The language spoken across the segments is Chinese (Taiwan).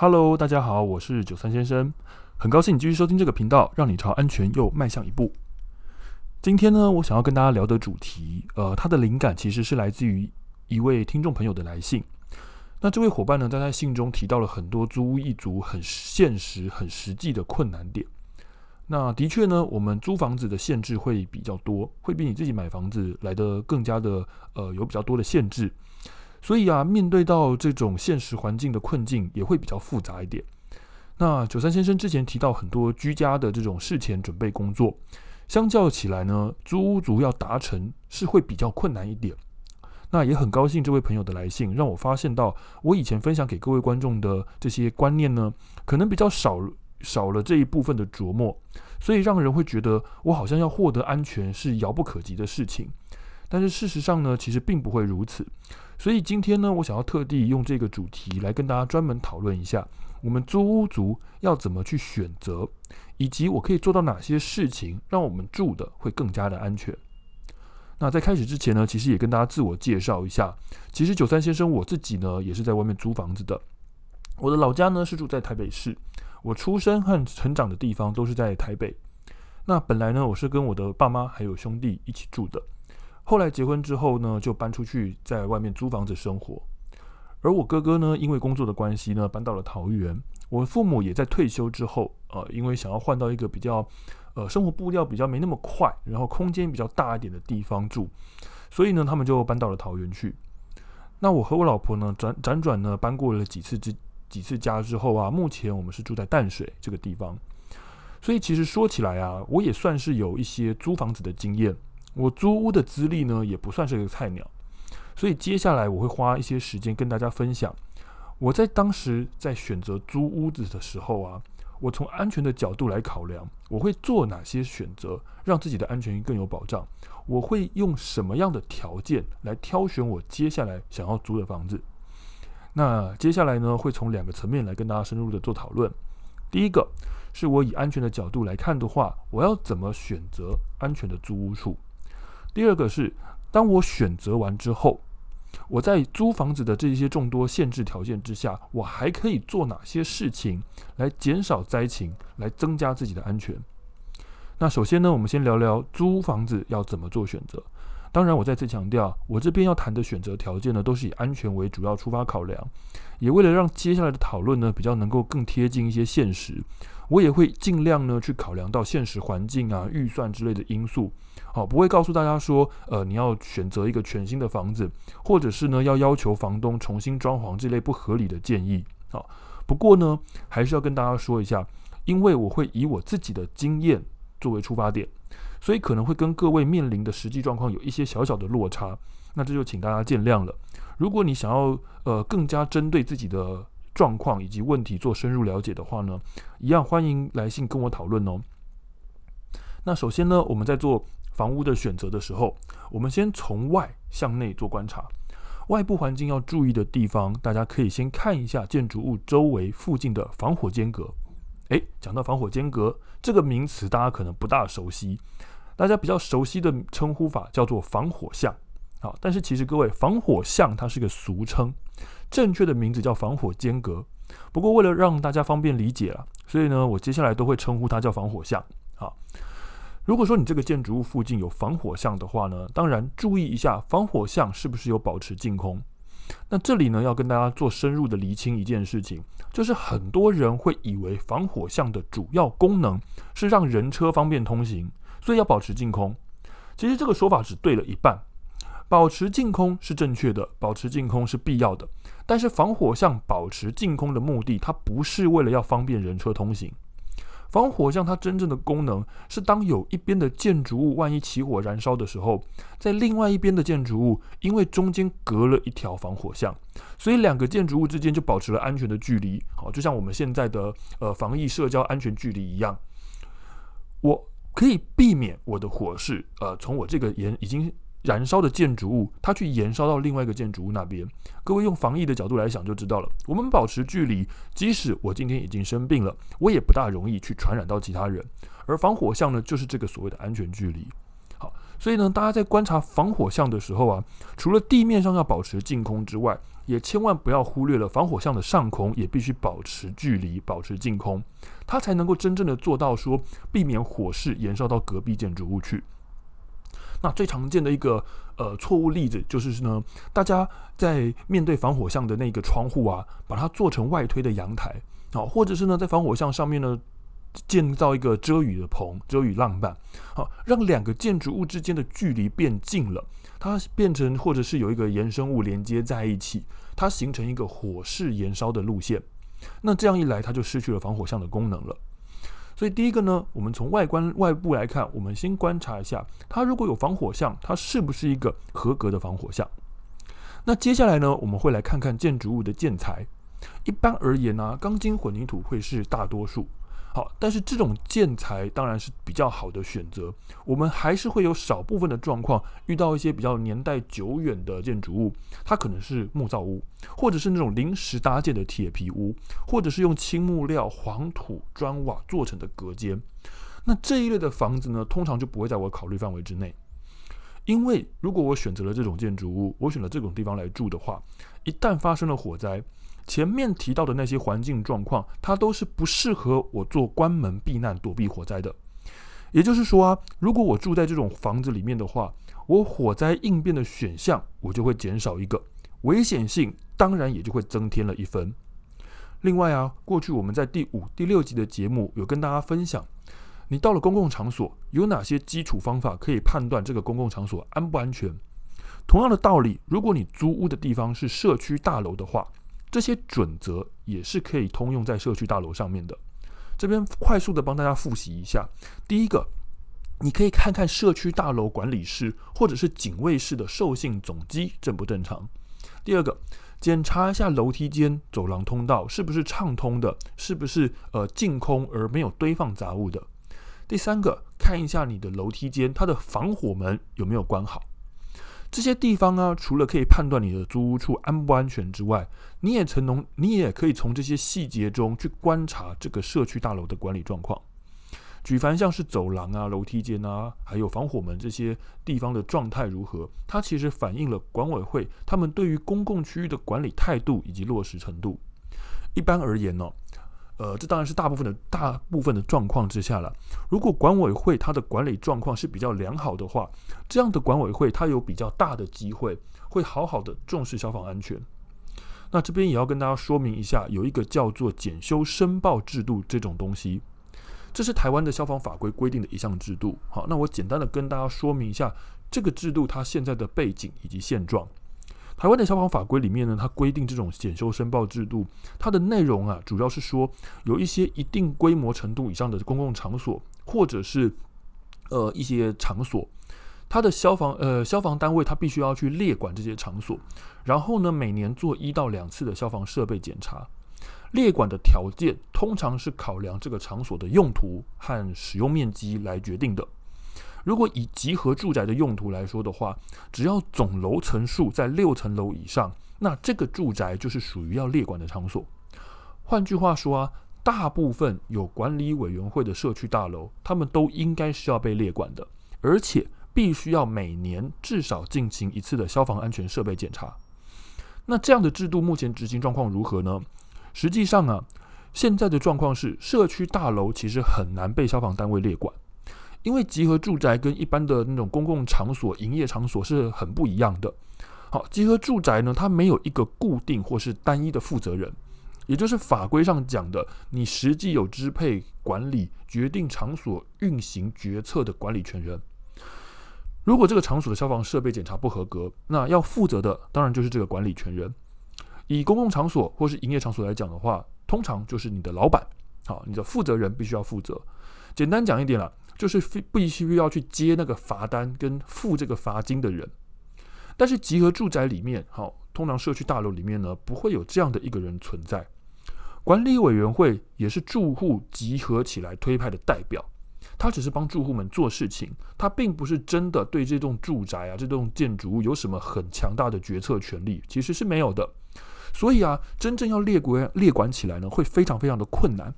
Hello，大家好，我是九三先生，很高興你繼續收聽這個頻道，讓你朝安全又邁向一步。今天呢，我想要跟大家聊的主題，呃，它的靈感其實是來自於一位聽眾朋友的來信。那這位夥伴呢，在他信中提到了很多租屋一族很現實、很實際的困難點。那的確呢，我們租房子的限制會比較多，會比你自己買房子來得更加的呃，有比較多的限制。所以啊，面對到這種現實環境的困境，也會比較複雜一點。那九三先生之前提到很多居家的這種事前準備工作，相較起來呢，租屋族要達成是會比較困難一點。那也很高興這位朋友的來信，讓我發現到我以前分享給各位觀眾的這些觀念呢，可能比較少少了這一部分的琢磨，所以讓人會覺得我好像要獲得安全是遙不可及的事情。但是事實上呢，其實並不會如此。所以今天呢，我想要特地用這個主題來跟大家專門討論一下，我們租屋族要怎麼去選擇，以及我可以做到哪些事情，讓我們住的會更加的安全。那在開始之前呢，其實也跟大家自我介紹一下，其實九三先生我自己呢也是在外面租房子的，我的老家呢是住在台北市，我出生和成長的地方都是在台北。那本來呢，我是跟我的爸媽還有兄弟一起住的。後來結婚之後呢，就搬出去在外面租房子生活。而我哥哥呢，因為工作的關係呢，搬到了桃園。我父母也在退休之後，呃，因為想要換到一個比較，呃，生活步調比較沒那麼快，然後空間比較大一點的地方住，所以呢，他們就搬到了桃園去。那我和我老婆呢，輾輾轉呢，搬過了幾次之幾次家之後啊，目前我們是住在淡水這個地方。所以其實說起來啊，我也算是有一些租房子的經驗。我租屋的資歷呢，也不算是一個菜鳥，所以接下來我會花一些時間跟大家分享，我在當時在選擇租屋子的時候啊，我從安全的角度來考量，我會做哪些選擇，讓自己的安全更有保障，我會用什麼樣的條件來挑選我接下來想要租的房子。那接下來呢，會從兩個層面來跟大家深入的做討論，第一個是我以安全的角度來看的話，我要怎麼選擇安全的租屋處？第二個是，當我選擇完之後，我在租房子的這些眾多限制條件之下，我還可以做哪些事情來減少災情，來增加自己的安全。那首先呢，我們先聊聊租房子要怎麼做選擇。當然，我再次強調，我這邊要談的選擇條件呢，都是以安全為主要出發考量，也為了讓接下來的討論呢，比較能夠更貼近一些現實，我也會儘量呢去考量到現實環境啊、預算之類的因素，好、哦，不會告訴大家說，呃，你要選擇一個全新的房子，或者是呢要要求房東重新裝潢這類不合理的建議，好、哦，不過呢還是要跟大家說一下，因為我會以我自己的經驗，作為出發點，所以可能會跟各位面臨的實際狀況有一些小小的落差，那這就請大家見諒了。如果你想要呃更加針對自己的狀況以及問題做深入了解的話呢，一樣歡迎來信跟我討論哦。那首先呢，我們在做房屋的選擇的時候，我們先從外向內做觀察，外部環境要注意的地方，大家可以先看一下建築物周圍附近的防火間隔。誒，講到防火間隔這個名詞，大家可能不大熟悉，大家比較熟悉的稱呼法叫做防火巷，好，但是其實各位，防火巷它是個俗稱，正確的名字叫防火間隔。不過為了讓大家方便理解啊，所以呢，我接下來都會稱呼它叫防火巷。好，如果說你這個建築物附近有防火巷的話呢，當然注意一下防火巷是不是有保持淨空。那這裡呢，要跟大家做深入的釐清一件事情，就是很多人會以為防火巷的主要功能是讓人車方便通行，所以要保持淨空。其實這個說法只對了一半，保持淨空是正確的，保持淨空是必要的。但是防火巷保持淨空的目的，它不是為了要方便人車通行。防火巷，它真正的功能是，當有一邊的建築物萬一起火燃燒的時候，在另外一邊的建築物，因為中間隔了一條防火巷，所以兩個建築物之間就保持了安全的距離。好，就像我們現在的呃防疫社交安全距離一樣，我可以避免我的火勢呃從我這個沿已經。燃燒的建築物，它去延燒到另外一個建築物那邊。各位用防疫的角度來想就知道了。我們保持距離，即使我今天已經生病了，我也不大容易去傳染到其他人。而防火巷呢，就是這個所謂的安全距離。好，所以呢，大家在觀察防火巷的時候啊，除了地面上要保持淨空之外，也千萬不要忽略了防火巷的上空，也必須保持距離，保持淨空，它才能夠真正的做到說避免火勢延燒到隔壁建築物去。那最常見的一個呃錯誤例子就是呢，大家在面對防火巷的那個窗戶啊，把它做成外推的陽台啊，或者是呢在防火巷上面呢建造一個遮雨的棚、遮雨浪板，啊，讓兩個建築物之間的距離變近了，它變成或者是有一個延伸物連接在一起，它形成一個火勢延燒的路線。那這樣一來，它就失去了防火巷的功能了。所以第一個呢，我們從外觀外部來看，我們先觀察一下它如果有防火牆，它是不是一個合格的防火牆？那接下來呢，我們會來看看建築物的建材。一般而言呢、啊，鋼筋混凝土會是大多數。好，但是這種建材當然是比較好的選擇。我們還是會有少部分的狀況遇到一些比較年代久遠的建築物，它可能是木造屋，或者是那種臨時搭建的鐵皮屋，或者是用青木料、黃土磚瓦做成的隔間。那這一類的房子呢，通常就不會在我考慮範圍之內，因為如果我選擇了這種建築物，我選了這種地方來住的話，一旦發生了火災。前面提到的那些環境狀況，它都是不適合我做關門避難、躲避火災的。也就是說啊，如果我住在這種房子裡面的話，我火災應變的選項我就會減少一個，危險性當然也就會增添了一分。另外啊，過去我們在第五、第六集的節目有跟大家分享，你到了公共場所，有哪些基礎方法可以判斷這個公共場所安不安全？同樣的道理，如果你租屋的地方是社區大樓的話，這些準則也是可以通用在社區大樓上面的。這邊快速的幫大家復習一下：第一個，你可以看看社區大樓管理室或者是警衛室的受信總機正不正常；第二個，檢查一下樓梯間、走廊通道是不是暢通的，是不是呃淨空而沒有堆放雜物的；第三個，看一下你的樓梯間它的防火門有沒有關好。這些地方呢、啊，除了可以判斷你的租屋處安不安全之外，你也成龍，你也可以從這些細節中去觀察這個社區大樓的管理狀況。舉凡像是走廊啊、樓梯間啊，還有防火門這些地方的狀態如何，它其實反映了管委會他們對於公共區域的管理態度以及落實程度。一般而言呢。呃，這當然是大部分的大部分的狀況之下了。如果管委會它的管理狀況是比較良好的話，這樣的管委會它有比較大的機會會好好的重視消防安全。那這邊也要跟大家說明一下，有一個叫做檢修申報制度這種東西，這是台灣的消防法規規定的一項制度。好，那我簡單的跟大家說明一下這個制度它現在的背景以及現狀。台灣的消防法規裡面呢，它規定這種檢修申報制度，它的內容啊，主要是說有一些一定規模程度以上的公共場所，或者是呃一些場所，它的消防呃消防單位，它必須要去列管這些場所，然後呢，每年做一到兩次的消防設備檢查。列管的條件通常是考量這個場所的用途和使用面積來決定的。如果以集合住宅的用途來說的話，只要總樓層數在六層樓以上，那這個住宅就是屬於要列管的場所。換句話說啊，大部分有管理委員會的社區大樓，他們都應該是要被列管的，而且必須要每年至少進行一次的消防安全設備檢查。那這樣的制度目前執行狀況如何呢？實際上啊，現在的狀況是社區大樓其實很難被消防單位列管。因為集合住宅跟一般的那種公共場所、營業場所是很不一樣的。好，集合住宅呢，它沒有一個固定或是單一的負責人，也就是法規上講的，你實際有支配、管理、決定場所運行決策的管理權人。如果這個場所的消防設備檢查不合格，那要負責的當然就是這個管理權人。以公共場所或是營業場所來講的話，通常就是你的老闆，好，你的負責人必須要負責。簡單講一點了。就是非必須要去接那個罰單跟付這個罰金的人，但是集合住宅裡面，好、哦，通常社區大樓裡面呢，不會有這樣的一個人存在。管理委員會也是住戶集合起來推派的代表，他只是幫住戶們做事情，他並不是真的對這棟住宅啊、這棟建築物有什麼很強大的決策權力，其實是沒有的。所以啊，真正要列管列管起來呢，會非常非常的困難。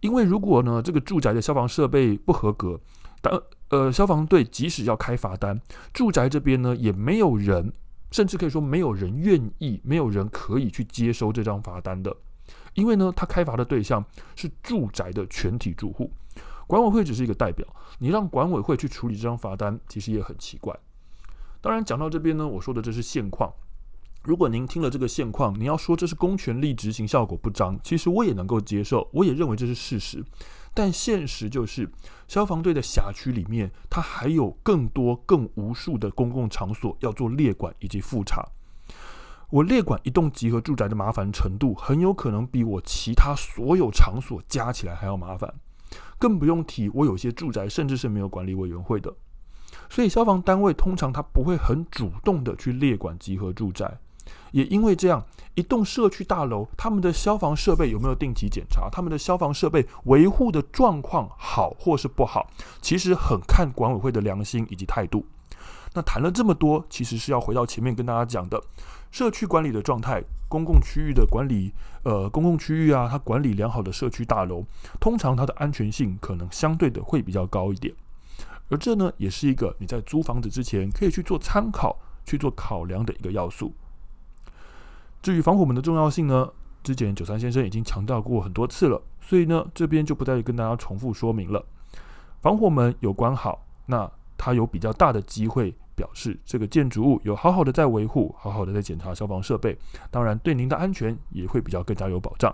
因為如果呢，這個住宅的消防設備不合格，但呃，消防隊即使要開罰單，住宅這邊呢也沒有人，甚至可以說沒有人願意，沒有人可以去接收這張罰單的。因為呢，他開罰的對象是住宅的全體住戶，管委會只是一個代表，你讓管委會去處理這張罰單，其實也很奇怪。當然，講到這邊呢，我說的這是現況。如果您聽了這個現況，您要說這是公權力執行效果不彰，其實我也能夠接受，我也認為這是事實。但現實就是，消防隊的轄區裡面，它還有更多、更無數的公共場所要做列管以及複查。我列管一棟集合住宅的麻煩程度，很有可能比我其他所有場所加起來還要麻煩，更不用提我有些住宅甚至是沒有管理委員會的。所以消防單位通常他不會很主動的去列管集合住宅。也因為這樣，一棟社區大樓，他們的消防設備有沒有定期檢查，他們的消防設備維護的狀況好或是不好，其實很看管委會的良心以及態度。那談了這麼多，其實是要回到前面跟大家講的，社區管理的狀態，公共區域的管理，呃，公共區域啊，它管理良好的社區大樓，通常它的安全性可能相對的會比較高一點。而這呢，也是一個你在租房子之前可以去做參考、去做考量的一個要素。至於防火門的重要性呢，之前九三先生已經強調過很多次了，所以呢，這邊就不再跟大家重複說明了。防火門有關好，那它有比較大的機會表示這個建築物有好好的在維護，好好的在檢查消防設備，當然對您的安全也會比較更加有保障。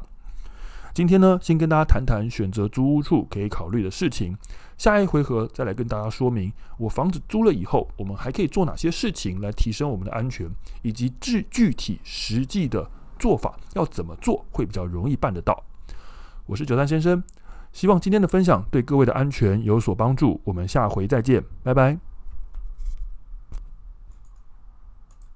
今天呢，先跟大家談談選擇租屋處可以考慮的事情，下一回合再來跟大家說明，我房子租了以後，我們還可以做哪些事情來提升我們的安全，以及具具體實際的做法要怎麼做會比較容易辦得到。我是九三先生，希望今天的分享對各位的安全有所幫助，我們下回再見，拜拜。